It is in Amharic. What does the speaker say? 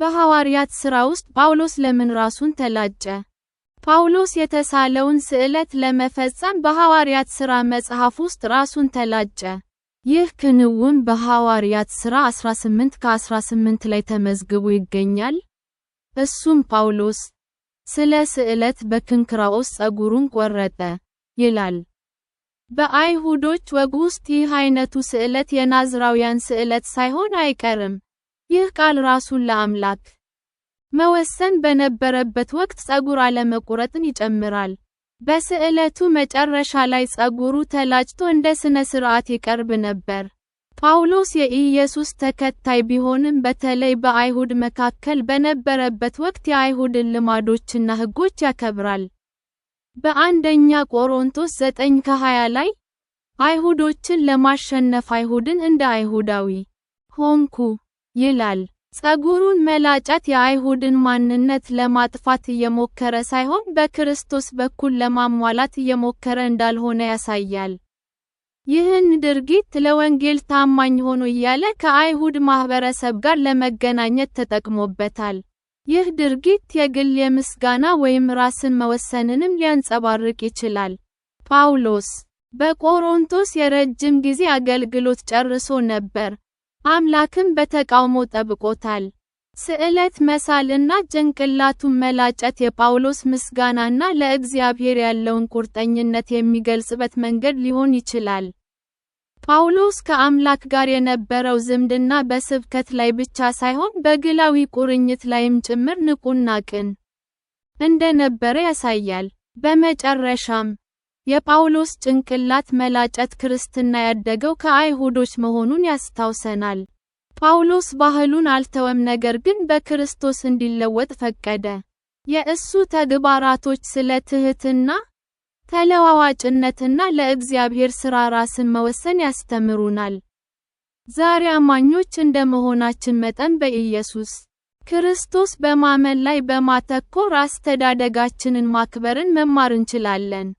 በሐዋርያት ሥራ ውስጥ ጳውሎስ ለምን ራሱን ተላጨ? ጳውሎስ የተሳለውን ስዕለት ለመፈጸም በሐዋርያት ሥራ መጽሐፍ ውስጥ ራሱን ተላጨ። ይህ ክንውን በሐዋርያት ሥራ 18 ከ18 ላይ ተመዝግቦ ይገኛል። እሱም ጳውሎስ ስለ ስዕለት በክንክራኦስ ጸጉሩን ቆረጠ ይላል። በአይሁዶች ወግ ውስጥ ይህ አይነቱ ስዕለት የናዝራውያን ስዕለት ሳይሆን አይቀርም። ይህ ቃል ራሱን ለአምላክ መወሰን በነበረበት ወቅት ጸጉር አለመቁረጥን ይጨምራል። በስዕለቱ መጨረሻ ላይ ጸጉሩ ተላጭቶ እንደ ሥነ ሥርዓት ይቀርብ ነበር። ጳውሎስ የኢየሱስ ተከታይ ቢሆንም በተለይ በአይሁድ መካከል በነበረበት ወቅት የአይሁድን ልማዶችና ሕጎች ያከብራል። በአንደኛ ቆሮንቶስ 9 ከ20 ላይ አይሁዶችን ለማሸነፍ አይሁድን እንደ አይሁዳዊ ሆንኩ ይላል። ጸጉሩን መላጨት የአይሁድን ማንነት ለማጥፋት እየሞከረ ሳይሆን በክርስቶስ በኩል ለማሟላት እየሞከረ እንዳልሆነ ያሳያል። ይህን ድርጊት ለወንጌል ታማኝ ሆኖ እያለ ከአይሁድ ማህበረሰብ ጋር ለመገናኘት ተጠቅሞበታል። ይህ ድርጊት የግል የምስጋና ወይም ራስን መወሰንንም ሊያንጸባርቅ ይችላል። ጳውሎስ በቆሮንቶስ የረጅም ጊዜ አገልግሎት ጨርሶ ነበር። አምላክም በተቃውሞ ጠብቆታል። ስዕለት መሳልና ጭንቅላቱን መላጨት የጳውሎስ ምስጋናና ለእግዚአብሔር ያለውን ቁርጠኝነት የሚገልጽበት መንገድ ሊሆን ይችላል። ጳውሎስ ከአምላክ ጋር የነበረው ዝምድና በስብከት ላይ ብቻ ሳይሆን በግላዊ ቁርኝት ላይም ጭምር ንቁና ቅን እንደነበረ ያሳያል። በመጨረሻም የጳውሎስ ጭንቅላት መላጨት ክርስትና ያደገው ከአይሁዶች መሆኑን ያስታውሰናል። ጳውሎስ ባህሉን አልተወም ነገር ግን በክርስቶስ እንዲለወጥ ፈቀደ። የእሱ ተግባራቶች ስለ ትህትና፣ ተለዋዋጭነትና ለእግዚአብሔር ሥራ ራስን መወሰን ያስተምሩናል። ዛሬ አማኞች እንደ መሆናችን መጠን በኢየሱስ ክርስቶስ በማመን ላይ በማተኮር አስተዳደጋችንን ማክበርን መማር እንችላለን።